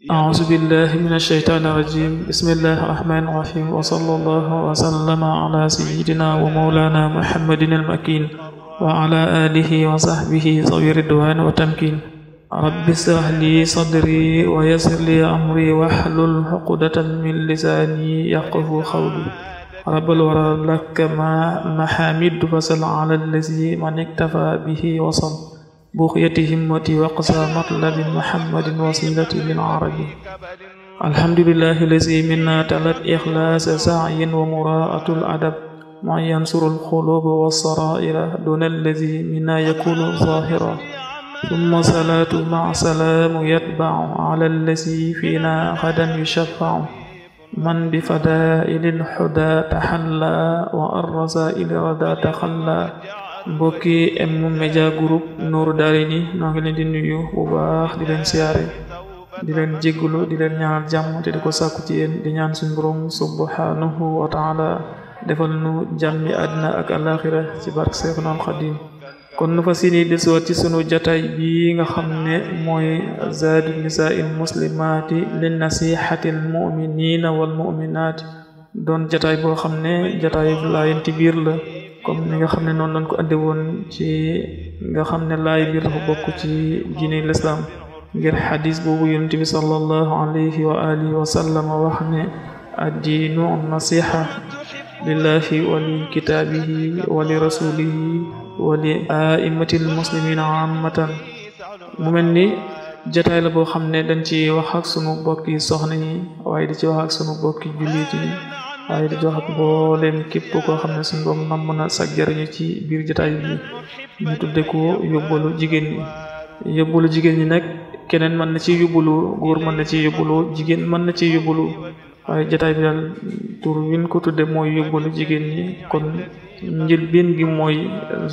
أعوذ بالله من الشيطان الرجيم بسم الله الرحمن الرحيم وصلى الله وسلم على سيدنا ومولانا محمد المكين وعلى آله وصحبه ذوي الرضوان والتمكين رب اشرح لي صدري ويسر لي أمري واحلل عقدة من لساني يفقهوا قولي رب الورى لك ما محامد فصل على الذي من اكتفى به وصل بغية همتي وقصى مطلب محمد وصيلة بالعربي الحمد لله الذي منا تلت إخلاص سعي ومراءة الأدب ما ينصر القلوب والسرائر دون الذي منا يكون ظاهرا ثم صلاة مع سلام يتبع على الذي فينا غدا يشفع من بفدائل الحدى تحلى وأن رسائل ردى تخلى mbokki M Media Group Nourou Darayni noo ngi leen di nuyu bu di leen siyaare di leen jéggulu di leen ñaanal jàmm te di ko sàkku ci yéen di ñaan suñu borom subhanahu wa taala defal nu jàmmi àddina ak alaxira ci barke Seexuna Xaadim kon nu fa sini desuwaat ci sunu jataay bi nga xam ne mooy zaadu nisaa'il muslimaati lin nasihatil mu'minina wal mu'minaat doon jataay boo xam ne jataay laayenti biir la comme ni nga xam ne noonu lañ ko andi woon ci nga xam ne laay bi dafa bokk ci diine lislaam ngir xadis boobu yonent bi sallallahu alayhi wa alihi wa sallam wax ne addiinu nasiha lillahi wa li kitaabihi wa li rasulihi wa li aimati almuslimina ammatan mu mel ni jataay la boo xam ne dañ ci wax suma sunu bokki soxna yi waaye di ci waxak suma sunu bokki jullit waaye di jox ak mbooleem képp koo xam ne suñu boom nam na sag jariñu ci biir jotaay bi ñu tudde ko yóbbalu jigéen ñi yóbbalu jigéen ñi nag keneen mën na ci yóbbalu góor mën na ci yóbbalu jigéen mën na ci yóbbalu waaye jotaay bi daal tur win ko tudde mooy yóbbalu jigéen ñi kon njëlbeen gi mooy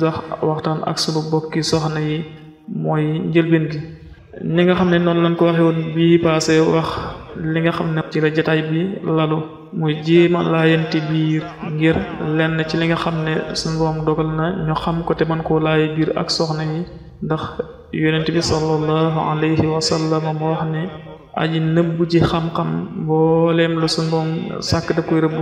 sax waxtaan ak sunu bokki soxna yi mooy njëlbeen gi ni nga xam ne noonu lañ ko waxee woon bi paase wax li nga xam ne ci la jotaay bi lalu mooy jéema laayante biir ngir lenn ci li nga xam ne suñu boom na ñu xam ko te mën koo laaye biir ak soxna yi ndax yonent bi sallallahu alayhi wa sallam moo wax ne aji nëbbu ci xam-xam mbooleem la suñu boom sàkk da koy rëbb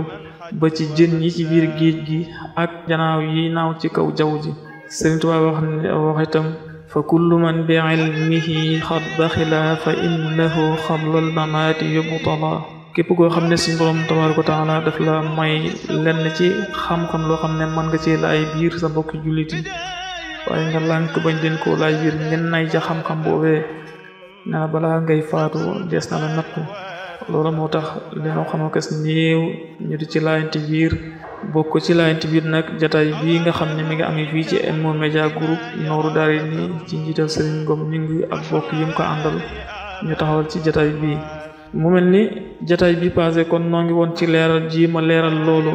ba ci jën yi ci biir géej gi ak janaaw yi naaw ci kaw jaww ji Sëriñ Tuubaa wax ne wax itam fa kullu man bi ilmihi xad baxila fa innahu xablal mamaati yubtala képp koo xam ne si borom tabaaraka taala daf la may lenn ci xam-xam loo xam ne man nga ci laay biir sa bokk jullit yi waaye nga lànk bañ leen koo laay biir ngeen nay ca xam-xam na balaa ngay faatu des na la nattu loolu moo tax li xam-xam kas néew ñu di ci laayante biir bokk ci laayante biir nag jataay bii nga xam ne mi nga amee fii ci M Media Group nooru daari ci njiital Serigne Ngom ñu ngi ak bokk yi mu ko àndal ñu taxawal ci jataay bi mu mel ni jataay bi passé kon noo ngi woon ci leeral ji ma leeral loolu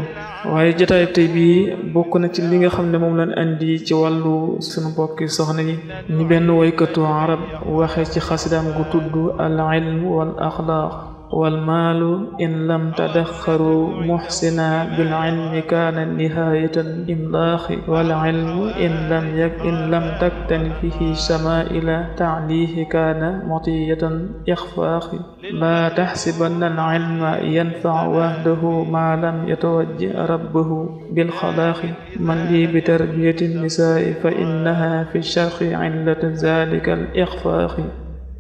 waaye jataay tey bii bokk na ci li nga xam ne moom lañ indi ci wàllu sunu bokki soxna yi ni benn woykatu arab waxe ci xasidaam gu tudd al ilm wal axlaaq والمال إن لم تدخروا محسنا بالعلم كان نهاية الإملاق والعلم إن لم يك إن لم تكتن به شمائل تعليه كان مطية إخفاق لا تحسبن العلم ينفع وحده ما لم يتوجه ربه بالخلاق من لي بتربية النساء فإنها في الشرق علة ذلك الإخفاق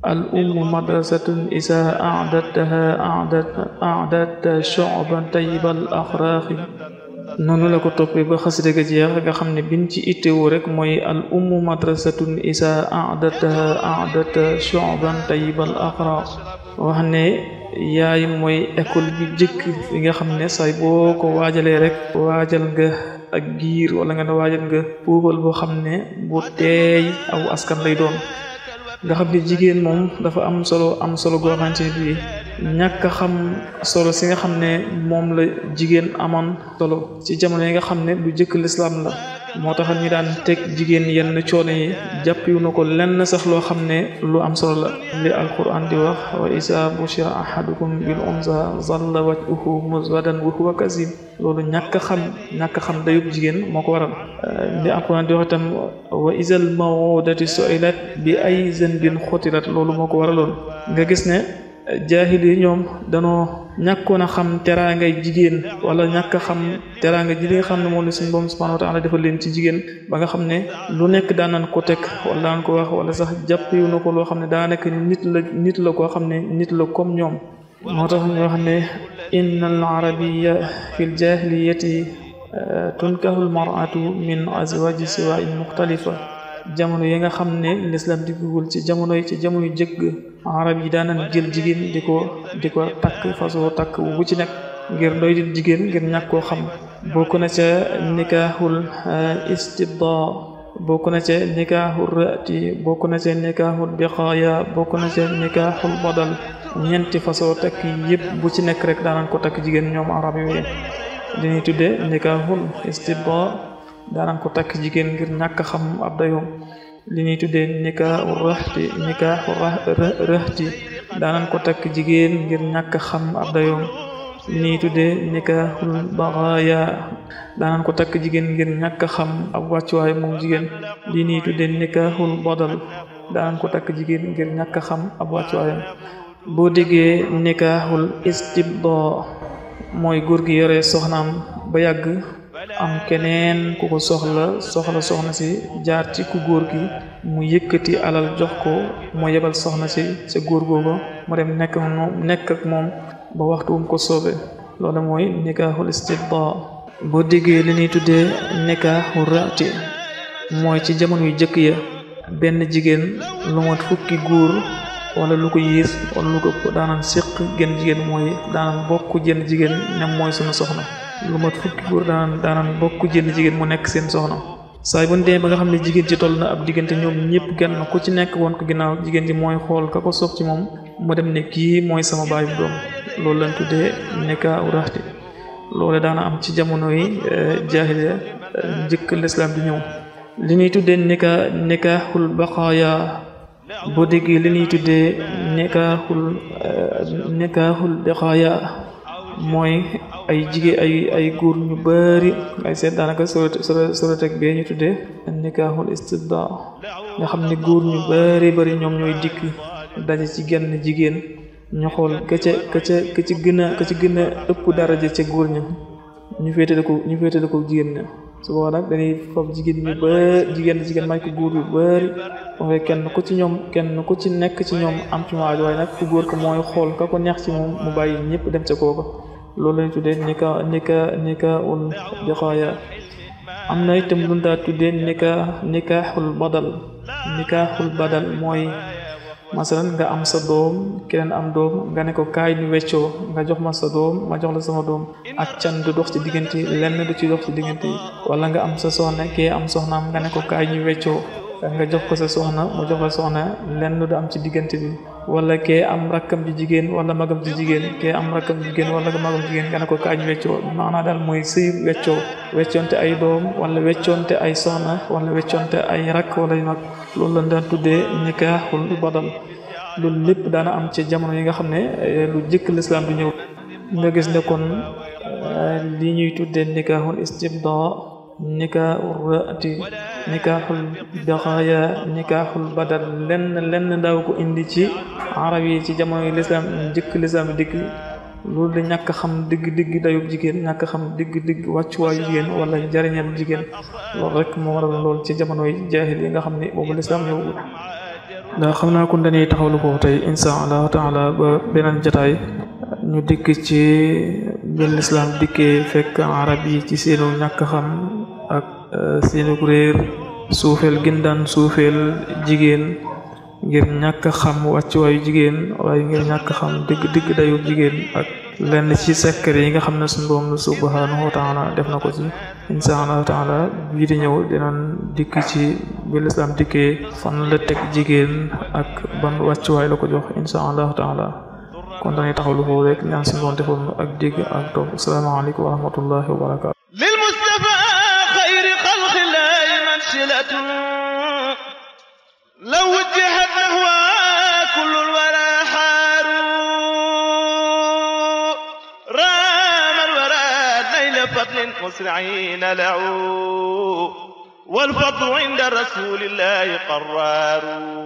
الأم مدرسة إذا أعددتها أعددت أعددت شعبا طيب الأخلاق noonu la ko toppee ba xasida ga jeex nga xam ne biñ ci itteewu rek mooy al ummu madrasatun isa ahdataha ahdata shu'ban tayyibal axraq wax ne yaay mooy école bi jëkk nga xam ne say boo ko waajalee rek waajal nga ak giir wala nga ne waajal nga puubal boo xam ne bu teey aw askan lay doon nga xam ne jigéen moom dafa am solo am solo goo xamante ñàkk a xam solo si nga xam ne moom la jigéen amoon solo ci jamono yi nga xam ne bu jëkk lislaam la moo taxa ñu daan teg jigéen yenn coono yi jàppiwu na ko lenn sax loo xam ne lu am solo la li alquran di wax wa isa bushira ahadukum bil unsa zalla wajhuhu muswadan wa huwa kazim loolu ñàkk xam ñàkk xam dayub jigéen moo ko waral li alquran di wax itam wa isal mawudati su'ilat bi ay zanbin xutilat loolu moo ko lool nga gis ne jaahil yi ñoom danoo ñàkkoon a xam teraangay jigéen wala ñàkk a xam teraanga ji li nga xam ne moom la suñ boom subhanahu wa taala defal leen ci jigéen ba nga xam ne lu nekk daan nañ ko teg wala daan wala sax jàpp ko loo xam ne daa nekk nit la nit la koo xam ne nit la comme ñoom moo tax ñu wax ne inna al arabiya fi l jahiliyati euh, tunkahu l maratu min azwaji siwain muxtalifa jamono yi nga xam ne lislam diggul ci jamono yi ci jamono jëkk arab yi daanan jël jigéen di ko di ko takk façon takk bu ci nekk ngir doy di jigéen ngir ñàkk koo xam bokk na ca nikaaxul eh, istibda bokk na ca nikaaxul rati bokk na ca nikaaxul biqaaya bokk na ca nikaaxul badal ñeenti façon takk yëpp bu ci nekk rek daanan ko takk jigéen ñoom arab yooyu dañuy tuddee nikaaxul istibda daanan ko takk jigéen ngir ñàkk xam ab dayoom li ñuy tuddee nikaaxu raxti nikaaxu raxti daanan ko takk jigéen ngir ñàkk xam ab dayoom li ñuy tuddee nikaaxul baxaaya daanan ko takk jigéen ngir ñàkk xam ab wàccuwaay moom jigéen li ñuy tuddee nikaaxul bodal daanan ko takk jigéen ngir ñàkk xam ab wàccuwaayam boo déggee nikaaxul istibdo mooy góor gi yore soxnaam ba yàgg am keneen ku ko soxla soxla soxna si jaar ci ku góor gi mu yëkkati alal jox ko mu yebal soxna si sa góor googu mu dem nekk nekk moom ba waxtu wum ko soobee loolu mooy nikaaxul boo déggee li ñuy tuddee nikaaxu raati mooy ci jamono yu jëkk ya benn jigéen lu mat fukki góor wala lu ko yées wala lu ko ëpp siq gën jigéen mooy daanam bokk jën jigéen ne mooy suma soxna lu mat fukki góor daan bokk jënd jigéen mu nekk seen soxna saay bu ñu demee nga xam ne jigéen ci toll na ab diggante ñoom ñëpp genn ku ci nekk won ko ginnaaw jigéen ji mooy xool ka ko soob ci moom mu dem ne kii mooy sama baay bu doom loolu lañ tuddee nikaahu raxti loole daana am ci jamono yi eh, jaahiliya eh, njëkk lislaam di ñëw li ñuy tuddee nikaa nikaahul baqaaya boo déggee li ñuy tuddee nikaahul eh, mooy ay jigéen ay ay góor ñu bari ay seet daanaka solo solo teg bee ñu tuddee nikaaxul istibdaa nga xam ne góor ñu bari bari ñoom ñooy dikk daje ci genn jigéen ñu xool ka ca ka ca ka ci gën a ka ci gën a ëpp daraja ca góor ñu ñu féetale ko ñu féetale ko jigéen ña su boobaa nag dañuy foofu jigéen ñi ba jigéen jigéen may ko góor yu bëri waaye kenn ku ci ñoom kenn ku ci nekk ci ñoom am ci nag ku góor ko mooy xool ka ko mu bàyyi ñëpp dem ca kooka loolu lañ tuddee nika nika nika ul joxaaya am na itam lu ñu daa tuddee nika nikaaxul badal nikaaxul badal mooy masalan nga am sa doom keneen am doom nga ne ko kaay ñu weccoo nga jox ma sa doom ma jox la sama doom ak can dox ci diggante lenn du ci dox ci diggante wala nga am sa soxna kee am soxnaam nga ne ko kaay ñu weccoo nga jox ko sa soxna mu jox la soxna lenn du am ci diggante bi wala kee am rakkam ju jigéen wala magam ju jigéen kee am rakkam ju jigéen wala magam ju jigéen nga ne ko kaañ weccoo maanaa daal mooy sëy weccoo weccoonte ay doom wala weccoonte ay soxna wala weccoonte ay rakk wala yu mag loolu lañ daan tuddee nikaaxul badal loolu lépp daana am ci jamono yi nga xam ne eh, lu jëkk lislaam du ñëw nga gis ne kon eh, li ñuy tuddee nikaaxul istibda nikaaxul rati nikaaxul daxaaya nikaaxul badal lenn lenn daaw ko indi ci arab yi ci jamono yi lislaam jëkk lislaam dikk loolu di ñàkk xam digg digg dayub jigéen ñàkk xam digg digg wàccuwaayu jigéen wala jariñal jigéen loolu rek moo waral lool ci jamono yi jaahil yi nga xam ne boobu lislaam ñëwul ndax xam naa kon dañuy taxawlu foofu tey insha allah taala ba beneen jataay ñu dikk ci bi lislaam dikkee fekk arab yi ci seenu ñàkk xam Euh, seenu réer suufeel gën daan suufeel jigéen ngir ñàkk xam wàccuwaayu jigéen waaye ngir ñàkk xam digg digg dayu jigéen ak lenn ci secret yi nga xam ne suñu borom subhanahu wa taala def na ko ci saa allah taala bii di ñëw dinañ dikk ci bi lislaam dikkee fan la teg jigéen ak ban wàccuwaay la ko jox insha allah taala kon dañuy taxawlu rek ñaan suñu borom defal ak digg ak toog asalaamaaleykum wa rahmatullahi wa بقتل مسرعين لعوا والفضل عند رسول الله قرار